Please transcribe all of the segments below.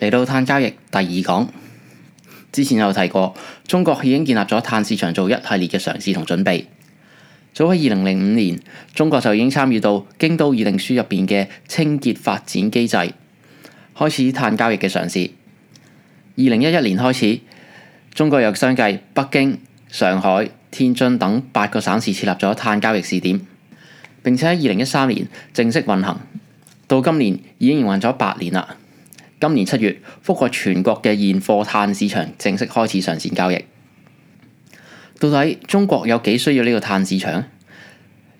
嚟到碳交易第二講，之前有提過，中國已經建立咗碳市場做一系列嘅嘗試同準備。早喺二零零五年，中國就已經參與到京都議定書入邊嘅清潔發展機制，開始碳交易嘅嘗試。二零一一年開始，中國又相繼北京、上海、天津等八個省市設立咗碳交易試點，並且喺二零一三年正式運行，到今年已經營運咗八年啦。今年七月，覆蓋全國嘅現貨碳市場正式開始上線交易。到底中國有幾需要呢個碳市場？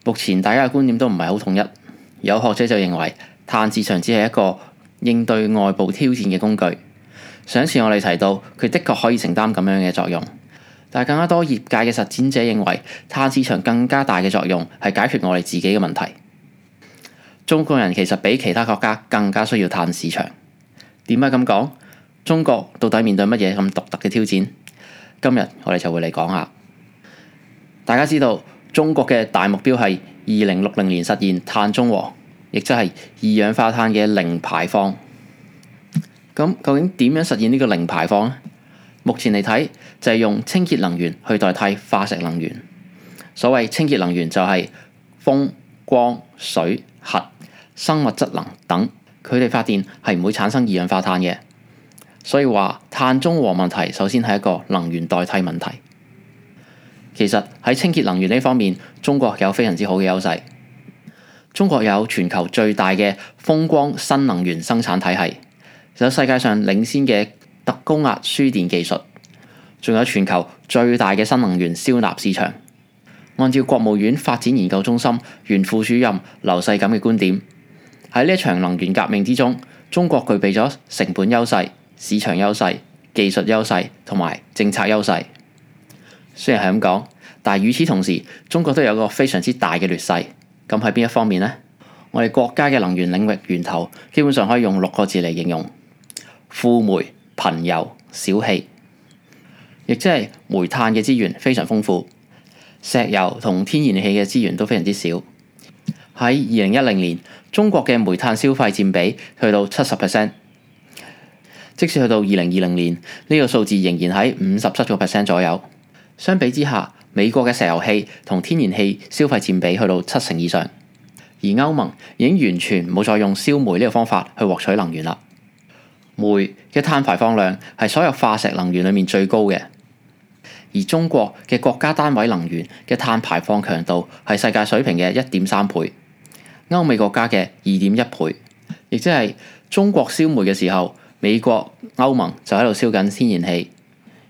目前大家嘅觀點都唔係好統一。有學者就認為，碳市場只係一個應對外部挑戰嘅工具。上一次我哋提到，佢的確可以承擔咁樣嘅作用。但係更加多業界嘅實踐者認為，碳市場更加大嘅作用係解決我哋自己嘅問題。中國人其實比其他國家更加需要碳市場。點解咁講？中國到底面對乜嘢咁獨特嘅挑戰？今日我哋就會嚟講下。大家知道中國嘅大目標係二零六零年實現碳中和，亦即係二氧化碳嘅零排放。咁究竟點樣實現呢個零排放呢？目前嚟睇就係用清潔能源去代替化石能源。所謂清潔能源就係風、光、水、核、生物質能等。佢哋發電係唔會產生二氧化碳嘅，所以話碳中和問題首先係一個能源代替問題。其實喺清潔能源呢方面，中國有非常之好嘅優勢。中國有全球最大嘅風光新能源生產體系，有世界上領先嘅特高壓輸電技術，仲有全球最大嘅新能源消納市場。按照國務院發展研究中心原副主任劉世錦嘅觀點，喺呢一場能源革命之中，中國具備咗成本優勢、市場優勢、技術優勢同埋政策優勢。雖然係咁講，但係與此同時，中國都有個非常之大嘅劣勢。咁喺邊一方面呢？我哋國家嘅能源領域源頭基本上可以用六個字嚟形容：富煤貧油少氣。亦即係煤炭嘅資源非常豐富，石油同天然氣嘅資源都非常之少。喺二零一零年。中國嘅煤炭消費佔比去到七十 percent，即使去到二零二零年，呢個數字仍然喺五十七個 percent 左右。相比之下，美國嘅石油氣同天然氣消費佔比去到七成以上，而歐盟已經完全冇再用燒煤呢個方法去獲取能源啦。煤嘅碳排放量係所有化石能源裡面最高嘅，而中國嘅國家單位能源嘅碳排放強度係世界水平嘅一點三倍。歐美國家嘅二點一倍，亦即係中國燒煤嘅時候，美國、歐盟就喺度燒緊天然氣。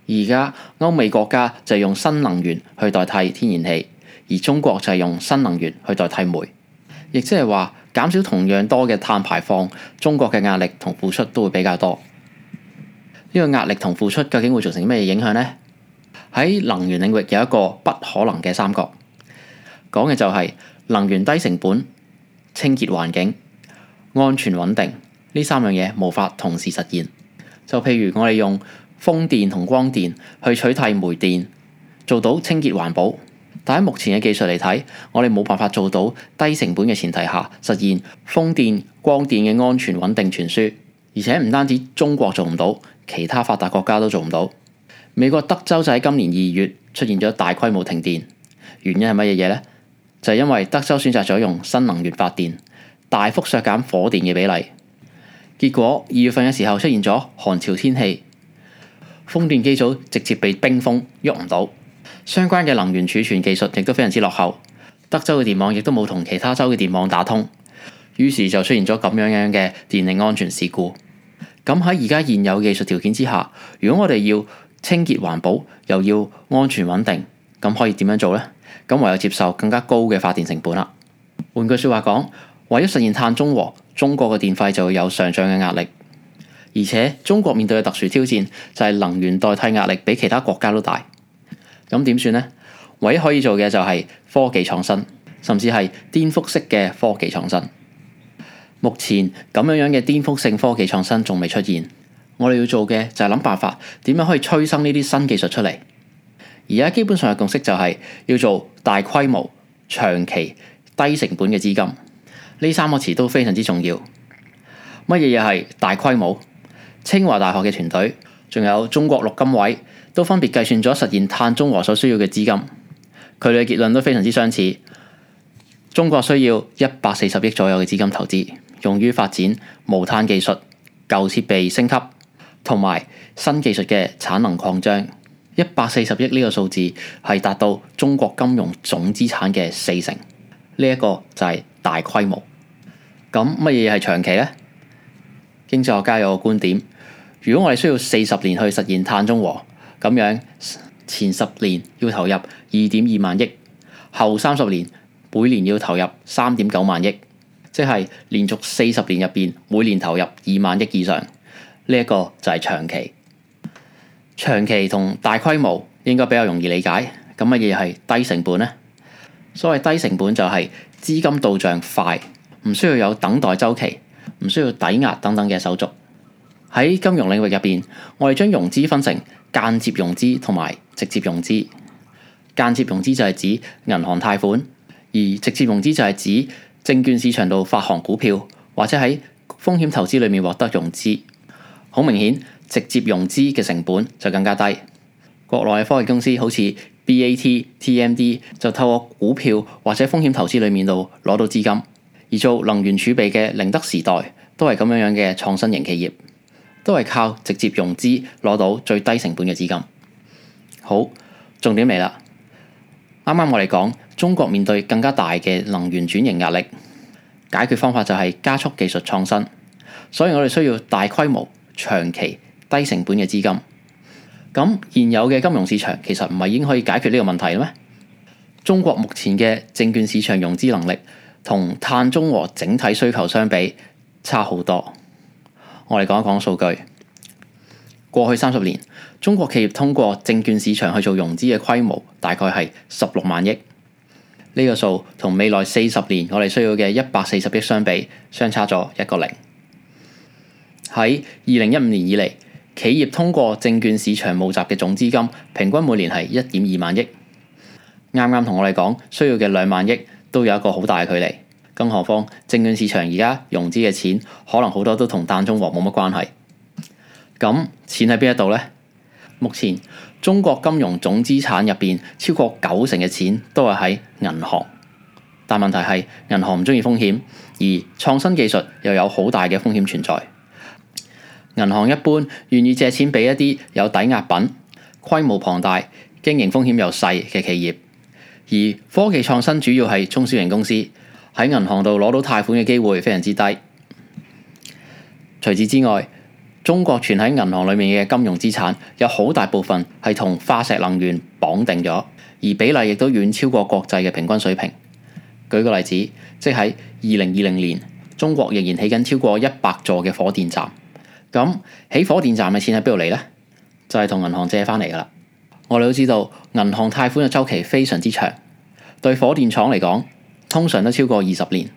而家歐美國家就係用新能源去代替天然氣，而中國就係用新能源去代替煤，亦即係話減少同樣多嘅碳排放，中國嘅壓力同付出都會比較多。呢個壓力同付出究竟會造成咩影響呢？喺能源領域有一個不可能嘅三角，講嘅就係能源低成本、清潔環境、安全穩定，呢三樣嘢無法同時實現。就譬如我哋用風電同光電去取替煤電，做到清潔環保，但喺目前嘅技術嚟睇，我哋冇辦法做到低成本嘅前提下實現風電、光電嘅安全穩定傳輸。而且唔單止中國做唔到，其他發達國家都做唔到。美國德州就喺今年二月出現咗大規模停電，原因係乜嘢嘢呢？就係因為德州選擇咗用新能源發電，大幅削減火電嘅比例，結果二月份嘅時候出現咗寒潮天氣，風電機組直接被冰封喐唔到，相關嘅能源儲存技術亦都非常之落後，德州嘅電網亦都冇同其他州嘅電網打通，於是就出現咗咁樣樣嘅電力安全事故。咁喺而家現有技術條件之下，如果我哋要清潔環保，又要安全穩定，咁可以點樣做呢？咁唯有接受更加高嘅發電成本啦。換句說話講，為咗實現碳中和，中國嘅電費就會有上漲嘅壓力。而且中國面對嘅特殊挑戰就係能源代替壓力比其他國家都大。咁點算呢？唯一可以做嘅就係科技創新，甚至係顛覆式嘅科技創新。目前咁樣樣嘅顛覆性科技創新仲未出現，我哋要做嘅就係諗辦法點樣可以催生呢啲新技術出嚟。而家基本上嘅共識就係要做大規模、長期、低成本嘅資金，呢三個詞都非常之重要。乜嘢嘢係大規模？清華大學嘅團隊，仲有中國綠金委，都分別計算咗實現碳中和所需要嘅資金。佢哋嘅結論都非常之相似。中國需要一百四十億左右嘅資金投資，用於發展無碳技術、舊設備升級同埋新技術嘅產能擴張。一百四十億呢個數字係達到中國金融總資產嘅四成，呢一個就係大規模。咁乜嘢係長期呢？經濟學家有個觀點，如果我哋需要四十年去實現碳中和，咁樣前十年要投入二點二萬億，後三十年每年要投入三點九萬億，即係連續四十年入面每年投入二萬億以上，呢一個就係長期。長期同大規模應該比較容易理解，咁乜嘢係低成本呢？所謂低成本就係資金到帳快，唔需要有等待周期，唔需要抵押等等嘅手續。喺金融領域入邊，我哋將融資分成間接融資同埋直接融資。間接融資就係指銀行貸款，而直接融資就係指證券市場度發行股票，或者喺風險投資裏面獲得融資。好明顯。直接融資嘅成本就更加低。國內嘅科技公司好似 BAT、TMD 就透過股票或者風險投資裏面度攞到資金，而做能源儲備嘅寧德時代都係咁樣樣嘅創新型企業，都係靠直接融資攞到最低成本嘅資金。好，重點嚟啦！啱啱我哋講中國面對更加大嘅能源轉型壓力，解決方法就係加速技術創新，所以我哋需要大規模、長期。低成本嘅資金，咁現有嘅金融市場其實唔係已經可以解決呢個問題咧？咩？中國目前嘅證券市場融資能力同碳中和整體需求相比差好多。我哋講一講數據。過去三十年，中國企業通過證券市場去做融資嘅規模大概係十六萬億，呢、這個數同未來四十年我哋需要嘅一百四十億相比，相差咗一個零。喺二零一五年以嚟。企業通過證券市場募集嘅總資金，平均每年係一點二萬億。啱啱同我哋講需要嘅兩萬億，都有一個好大嘅距離。更何況證券市場而家融資嘅錢，可能好多都同碳中和冇乜關係。咁錢喺邊一度呢？目前中國金融總資產入邊，超過九成嘅錢都係喺銀行。但問題係銀行唔中意風險，而創新技術又有好大嘅風險存在。銀行一般願意借錢俾一啲有抵押品、規模龐大、經營風險又細嘅企業，而科技創新主要係中小型公司，喺銀行度攞到貸款嘅機會非常之低。除此之外，中國存喺銀行裏面嘅金融資產有好大部分係同化石能源綁定咗，而比例亦都遠超過國際嘅平均水平。舉個例子，即喺二零二零年，中國仍然起緊超過一百座嘅火電站。咁起火電站嘅錢喺邊度嚟呢？就係同銀行借翻嚟噶啦。我哋都知道，銀行貸款嘅周期非常之長，對火電廠嚟講，通常都超過二十年。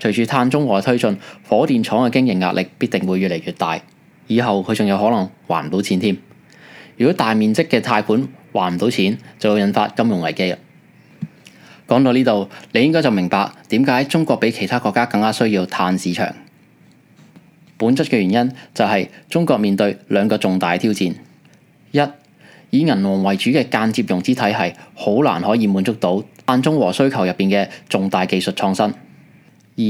隨住碳中和推進，火電廠嘅經營壓力必定會越嚟越大，以後佢仲有可能還唔到錢添。如果大面積嘅貸款還唔到錢，就會引發金融危機啊！講到呢度，你應該就明白點解中國比其他國家更加需要碳市場。本質嘅原因就係中國面對兩個重大挑戰：一以銀行為主嘅間接融資體係好難可以滿足到碳中和需求入邊嘅重大技術創新；二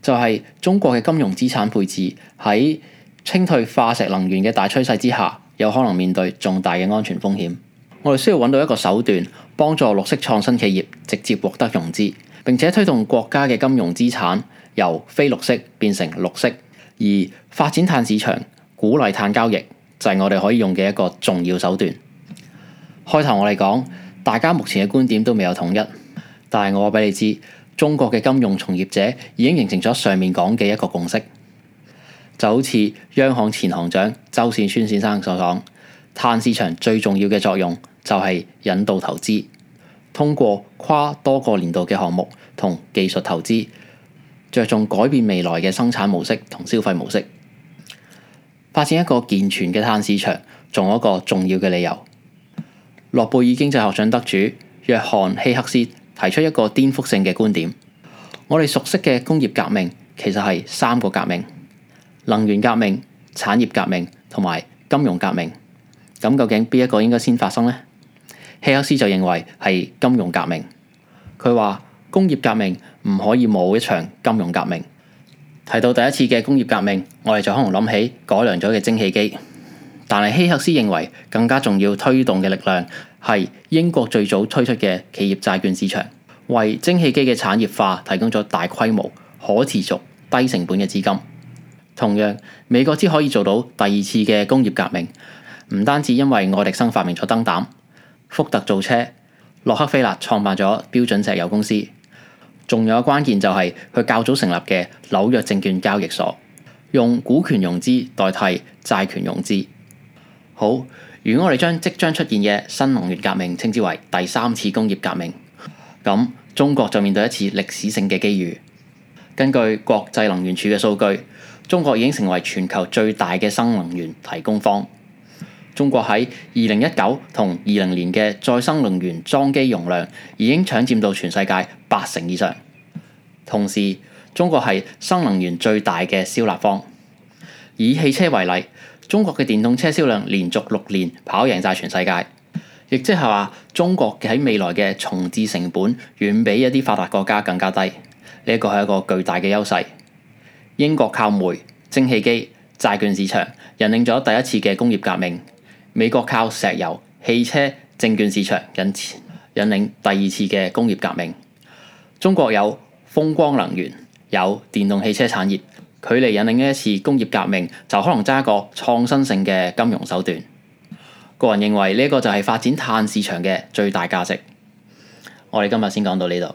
就係中國嘅金融資產配置喺清退化石能源嘅大趨勢之下，有可能面對重大嘅安全風險。我哋需要揾到一個手段，幫助綠色創新企業直接獲得融資，並且推動國家嘅金融資產由非綠色變成綠色。而發展碳市場、鼓勵碳交易就係我哋可以用嘅一個重要手段。開頭我哋講，大家目前嘅觀點都未有統一，但係我話俾你知，中國嘅金融從業者已經形成咗上面講嘅一個共識。就好似央行前行長周善川先生所講，碳市場最重要嘅作用就係引導投資，通過跨多個年度嘅項目同技術投資。着重改變未來嘅生產模式同消費模式，發展一個健全嘅碳市場，仲有一個重要嘅理由。諾貝爾經濟學獎得主約翰希克斯提出一個顛覆性嘅觀點。我哋熟悉嘅工業革命其實係三個革命：能源革命、產業革命同埋金融革命。咁究竟邊一個應該先發生呢？希克斯就認為係金融革命。佢話，工業革命唔可以冇一場金融革命。提到第一次嘅工業革命，我哋就可能諗起改良咗嘅蒸汽機。但係希克斯認為更加重要推動嘅力量係英國最早推出嘅企業債券市場，為蒸汽機嘅產業化提供咗大規模、可持續、低成本嘅資金。同樣，美國之可以做到第二次嘅工業革命，唔單止因為愛迪生發明咗燈膽，福特造車，洛克菲勒創辦咗標準石油公司。仲有關鍵就係佢較早成立嘅紐約證券交易所，用股權融資代替債權融資。好，如果我哋將即將出現嘅新能源革命稱之為第三次工業革命，咁中國就面對一次歷史性嘅機遇。根據國際能源署嘅數據，中國已經成為全球最大嘅新能源提供方。中國喺二零一九同二零年嘅再生能源裝機容量已經搶占到全世界八成以上，同時中國係新能源最大嘅消納方。以汽車為例，中國嘅電動車銷量連續六年跑贏晒全世界，亦即係話中國喺未來嘅重置成本遠比一啲發達國家更加低。呢一個係一個巨大嘅優勢。英國靠煤、蒸汽機、債券市場引領咗第一次嘅工業革命。美國靠石油、汽車、證券市場引引領第二次嘅工業革命。中國有風光能源，有電動汽車產業，距離引領呢一次工業革命就可能揸一個創新性嘅金融手段。個人認為呢個就係發展碳市場嘅最大價值。我哋今日先講到呢度。